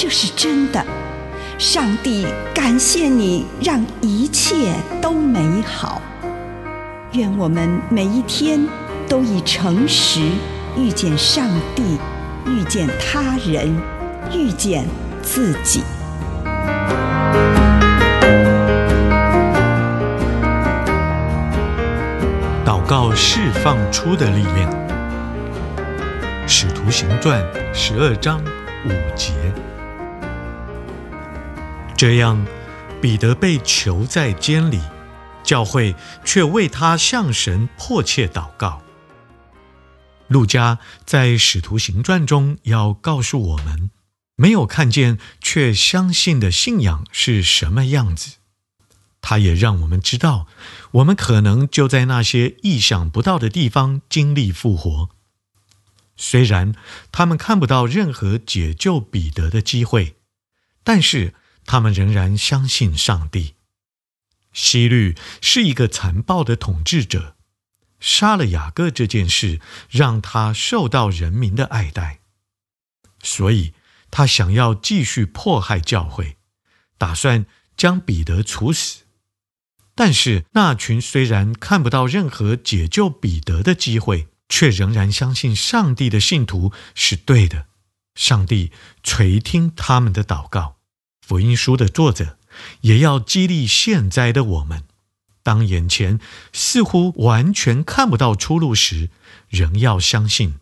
這是真的，上帝感謝你讓一切都美好。願我們每一天都以誠實遇見上帝，遇見他人，遇見自己。禱告釋放出的力量，《使徒行傳》十二章五節。這樣，彼得被囚在監裡，教會卻為他向神迫切禱告。路加在《使徒行傳》中要告訴我們，沒有看見卻相信的信仰是什麼樣子。他也讓我們知道，我們可能就在那些意想不到的地方經歷復活。雖然他們看不到任何解救彼得的機會，但是……他們仍然相信上帝。希律是一個殘暴的統治者，殺了雅各這件事讓他受到人民的愛戴，所以他想要繼續迫害教會，打算將彼得處死。但是那群雖然看不到任何解救彼得的機會，却仍然相信上帝的信徒是對的。上帝垂聽他們的禱告。福音書的作者也要激勵現在的我們：當眼前似乎完全看不到出路時，仍要相信；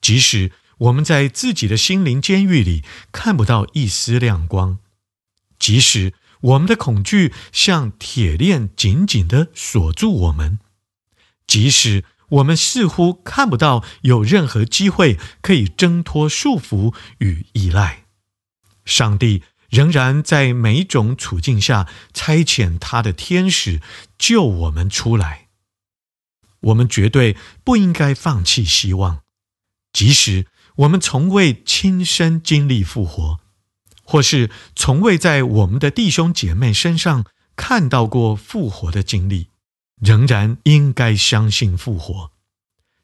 即使我們在自己的心靈監獄裡看不到一絲亮光，即使我們的恐懼像鐵鏈緊緊地鎖住我們，即使我們似乎看不到有任何機會可以掙脫束縛與依賴，上帝，仍然在每種處境下差遣他的天使救我們出來。我們絕對不應該放棄希望，即使我們從未親身經歷復活，或是從未在我們的弟兄姐妹身上看到過復活的經歷，仍然應該相信復活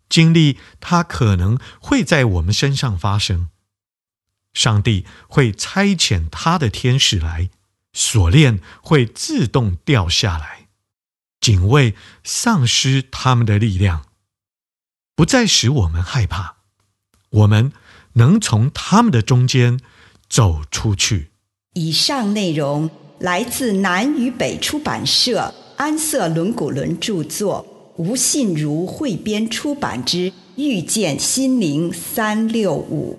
經歷，它可能會在我們身上發生。上帝會差遣他的天使來，鎖鏈會自動掉下來，警衛喪失他們的力量，不再使我們害怕，我們能從他們的中間走出去。以上內容來自南與北出版社安瑟倫古倫著作，吳信如彙編出版之《遇見心靈三六五》。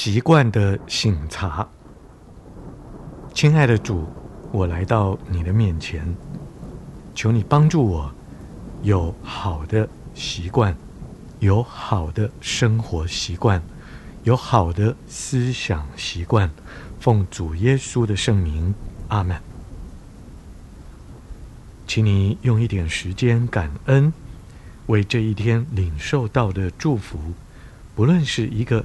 習慣的省察。親愛的主，我來到你的面前，求你幫助我，有好的習慣，有好的生活習慣，有好的思想習慣。奉主耶穌的聖名，阿門。請你用一點時間感恩，為這一天領受到的祝福，不論是一個。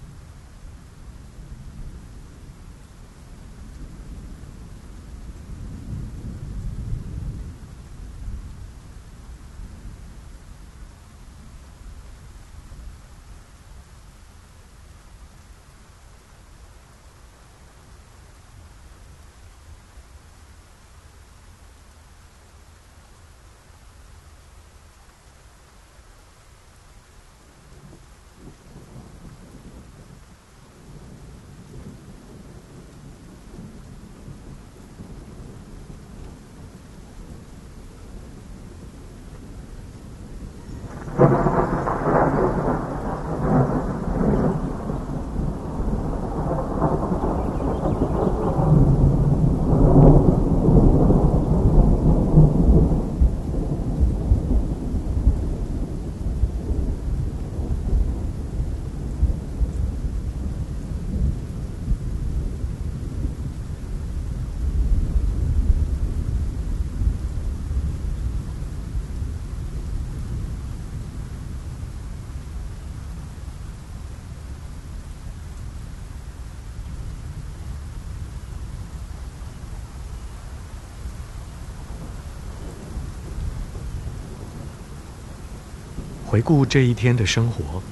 回顧這一天的生活，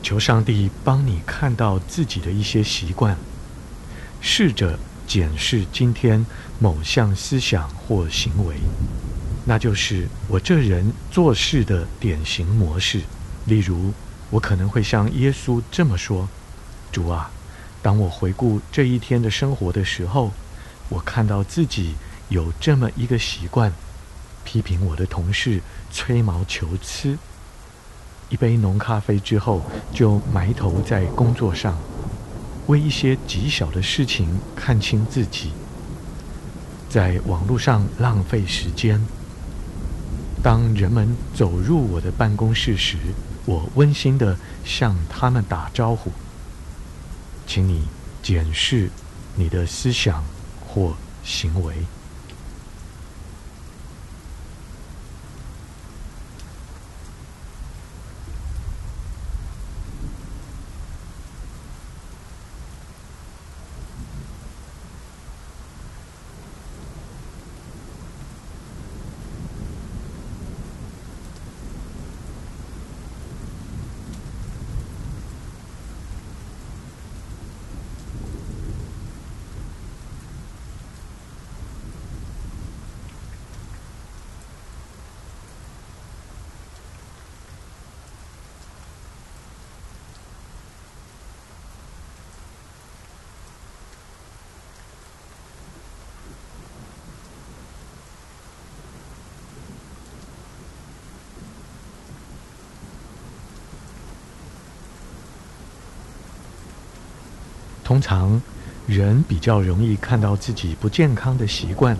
求上帝幫你看到自己的一些習慣，試着檢視今天某項思想或行為，那就是我這人做事的典型模式。例如，我可能會向耶穌這麼說：“主啊，當我回顧這一天的生活的時候，我看到自己有這麼一個習慣，批評我的同事吹毛求疵。”一杯濃咖啡之後，就埋頭在工作上，為一些極小的事情看清自己，在網絡上浪費時間。當人們走入我的辦公室時，我溫馨地向他們打招呼，請你檢視你的思想或行為。通常，人比較容易看到自己不健康的習慣，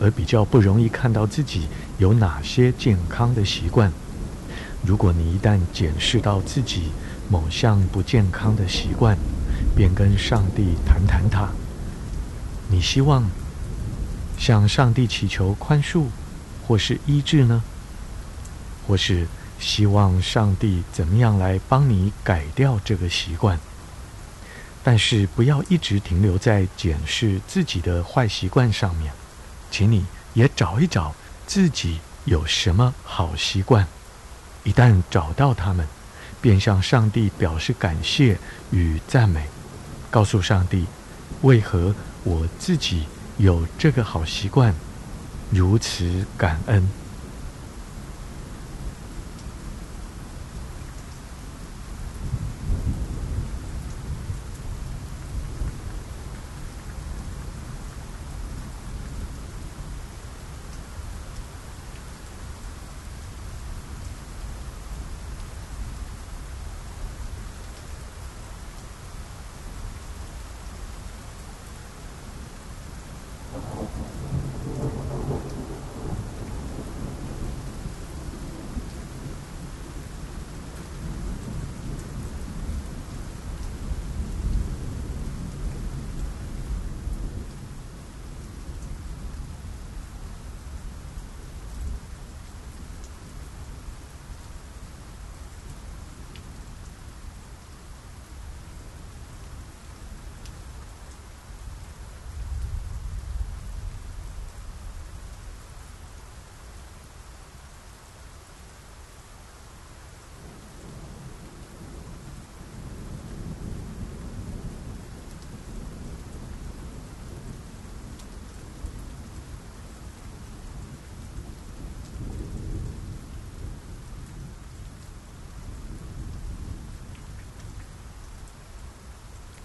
而比較不容易看到自己有哪些健康的習慣。如果你一旦檢視到自己某項不健康的習慣，便跟上帝談談他。你希望向上帝祈求寬恕，或是醫治呢？或是希望上帝怎麼樣來幫你改掉這個習慣？但是不要一直停留在檢視自己的壞習慣上面，請你也找一找自己有什麼好習慣。一旦找到它們，便向上帝表示感謝與讚美，告訴上帝為何我自己有這個好習慣，如此感恩。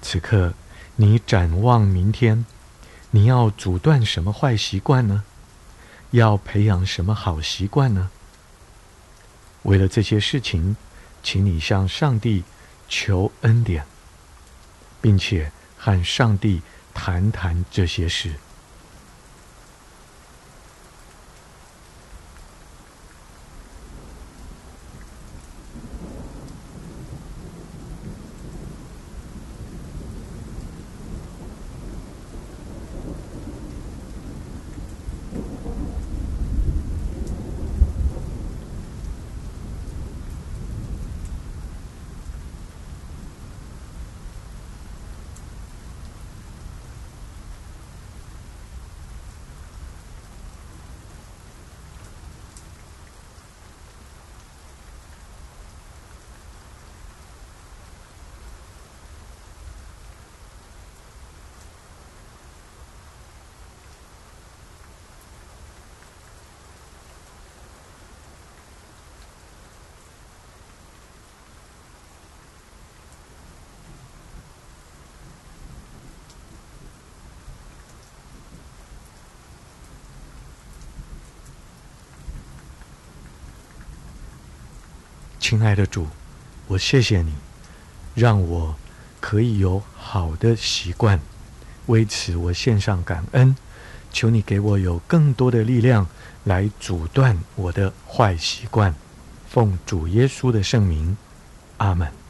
此刻，你展望明天，你要阻斷什麼壞習慣呢？要培養什麼好習慣呢？為了這些事情，請你向上帝求恩典，並且和上帝談談這些事。親愛的主，我謝謝你，讓我可以有好的習慣。為此，我獻上感恩。求你給我有更多的力量來阻斷我的壞習慣。奉主耶穌的聖名，阿門。